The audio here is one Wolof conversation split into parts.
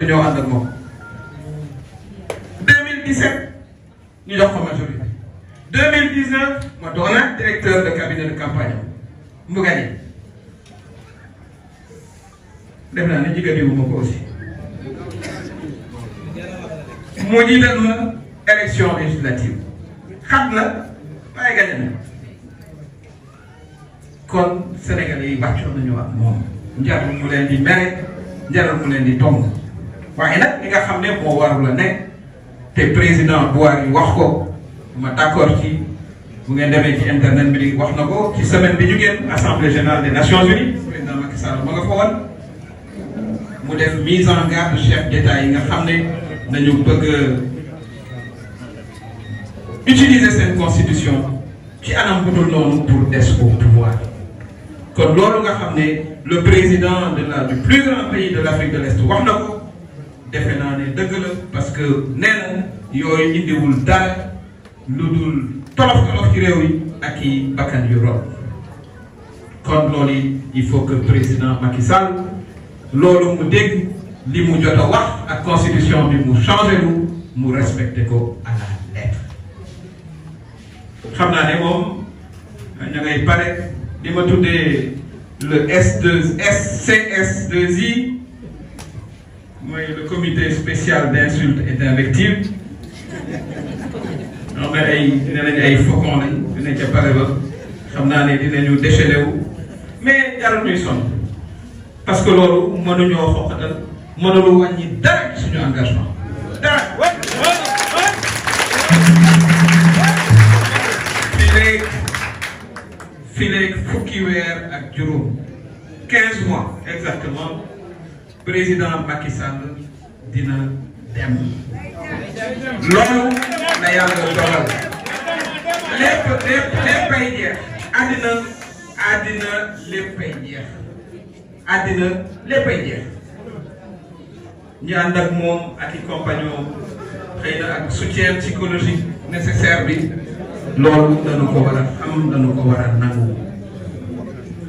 bi ñoo ànd ak moom 2017 ñu jox ko majorité 2019 ma doonaat directeur de cabinet de campagne mu na def naa ne jigéen wu ma ko aussi mu jiital ma élection législative xam na waaye gagné na kon Sénégalais yi bàccoon nañu ak moom njarul mu leen di mere njarul mu leen di tomb waaye li nga xam ne moo war la nekk te président Buhari wax ko ma d'accord ci bu ngeen demee ci internet bi li wax na ko ci semaine bi ñu génn assemblée générale des Nations Unies président Macky Sall ma nga fa woon mu def mise en garde chef d'État yi nga xam ne nañu bëgg utiliser seen constitution ci anam bu dul noonu pour des au pouvoir kon loolu nga xam ne le président de la du plus grand pays de l'Afrique de l'Est wax na defe naa ne dëgg la parce que nee na yooyu indiwul dara lu dul tolof tolof ci réew yi ak i bakkan yu rob kon loolu yi il faut que président Macky Sall loolu mu li mu jot a wax ak constitution bi mu changé lu mu respecté ko à la lettre xam naa ne moom ña ngay pare li ma tuddee le S2 SCS2I mooy le comité spécial d' insulte et d' invective ñoo xam ay dina nañ ay faucon lañ dinañ ca pare ba xam naa ne dinañu déchaîné wu mais jarul ñuy sonn parce que loolu mënuñoo xoqatal mënulu wàññi dara ci suñu engagement dara. fileeg fileeg fukki weer ak juróom 15 mois exactement. président Macky Sall dina dem loolu na yàlla dogal lépp lépp léppay jeex àddina àddina léppay jeex àddina léppay jeex ñu ànd ak moom ak i compagnon xëy na ak soutien psychologique nécessaire bi loolu dañu ko war a nangu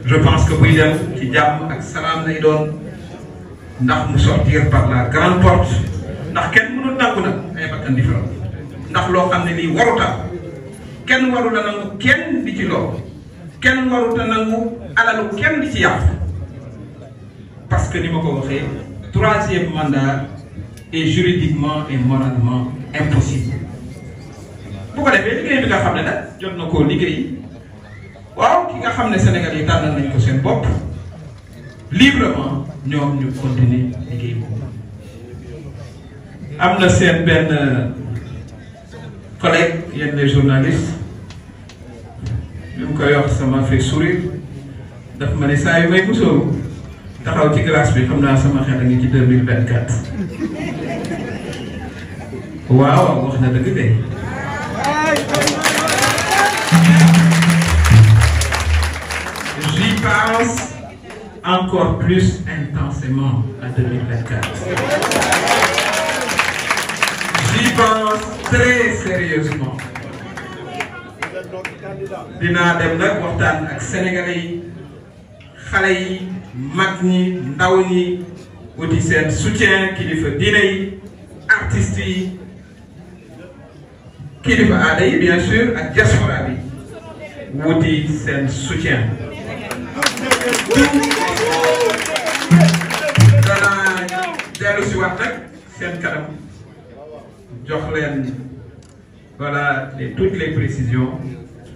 je pense que buy dem ci jàmm ak salaam ndax mu sortir par la grande ndax kenn mënul nangu nag ay bakkan di fi ndax loo xam ne lii waruta kenn waruta nangu kenn di ci lool kenn waruta nangu alalu kenn di ci yàq parce que ni ma ko waxee troisième mandat est juridiquement et moralement impossible bu ko defee liggéey bi nga xam ne nag jot na koo liggéey waaw ki nga xam ne Sénégal yi tànnal nañ ko seen bopp librement ñoom ñu continuer liggéey boobu am na seen benn euh, collègue yenn journaliste bi mu koy wax sama fait sourire daf ma ne sa yu may musóoru taxaw ci glace bi xam naa sama xel a ngi ci deux mille vingt wax na dëgg de j'y pense encore plus intensément à 2024. J'y pense très sérieusement. dinaa dem nag waxtaan ak sénégalais yi xale yi wuti seen soutien kilifa diine yi artistes yi kilifa bien sûr ak diaspora bi wuti seen soutien. diw danaa dellu si wax nag seen kanam jox leen voilà les toutes les précisions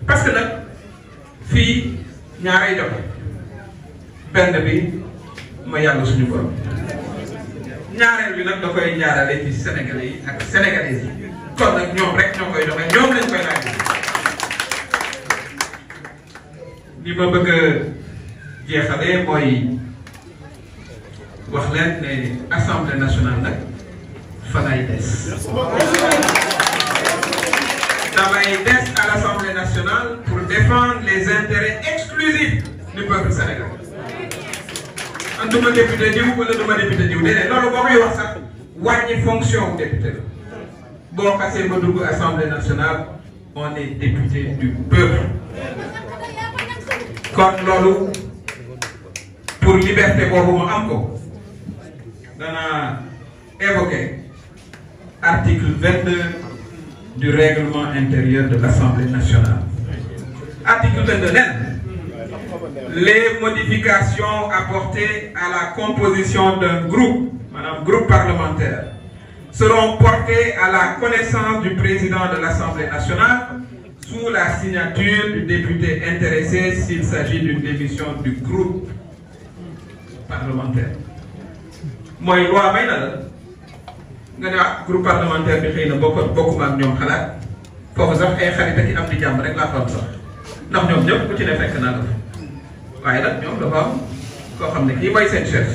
parce que nag fii ñaarey benn bi ma yàlla suñu borom ñaareel bi nag da koy ñaarale ci Sénégalais yi ak sénégalaises yi kon nag ñoom rek ñoo koy joxe ñoom lañ koy laaj li ma bëgg jeexalee mooy wax ne assemblée nationale nag fanay des. damay des à l' assemblée pour défendre les intérêts exclusifs du peuple sénégalais. man ma député diw wala du ma député diw fonction député la boo xasee ba dugg assemblée nationale on député du peuple kon loolu. pour liberté boobu mu am ko dana évoquer article du règlement intérieur de l'Assemblée nationale article les modifications apportées à la composition d'un groupe maanaam groupe parlementaire seront portées à la connaissance du président de l'Assemblée nationale sous la signature du député intéressé s'il s'agit d'une démission du groupe parlementaire mooy loi may na la nga ne ah groupe parlementaire bi xëy na bokk bokkuma ak ñoom xalaat foofu sax ay xarit ak i am di jàmm rek sax ndax ci ne fekk naa la fa ñoom dafa am koo xam ne kii mooy seen chef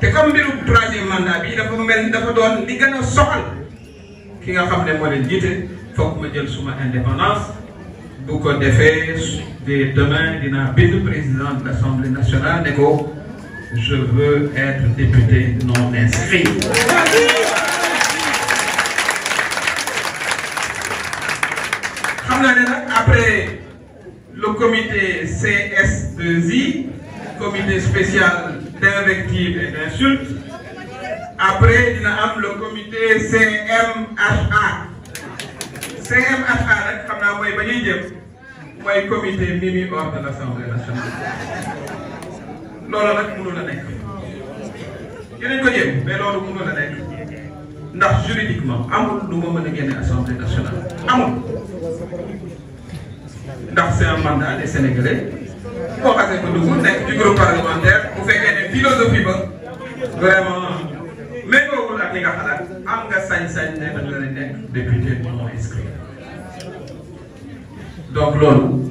te comme mbiru troisième mandat bi dafa mel ni dafa doon li gën a soxal ki nga xam ne moo leen jiite foog ma jël suma indépendance bu ko defee dès demain dinaa bind président de l' nationale ne ko je veux être député non inscrit. xam naa ne nag après le comité cs comité spécial d'invective et d'insulte après dina am le comité CMHA CMHA nag xam naa mooy ba comité mimi hors l'Assemblée nationale. loola nag mënul a nekk dinañ ko jéem mais loolu mënul a nekk ndax juridiquement amul lu ma mën a génne assemblée nationale amul ndax c'est un mandat des sénégalais boo xasee ko dugg nekk ci groupe parlementaire bu fekkee ne philosophie ba vraiment méngoowul ak li nga xalaat am nga sañ-sañ ne da nga nekk député non inscrit donc loolu.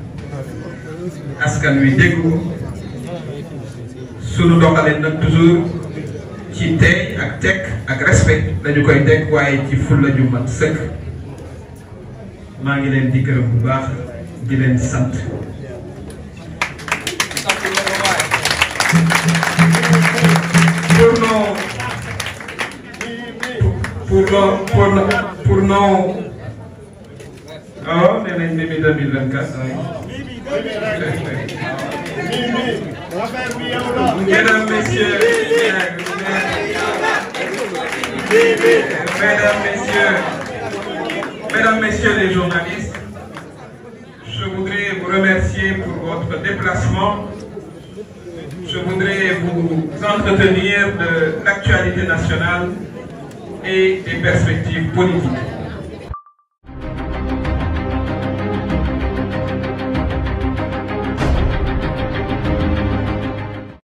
askan wi dégg ko sunu doxalin nag toujours ci tey ak tekk ak respect lañu koy teg waaye ci ful la ñu mat maa ngi leen di gërëm bu baax di leen sant. pour nos pour nos pour nos pour nos oh nee nañ début Mesdames, Messieurs, Mesdames, Messieurs, Mesdames, Messieurs les journalistes, je voudrais vous remercier pour votre déplacement. Je voudrais vous entretenir de l'actualité nationale et des perspectives politiques.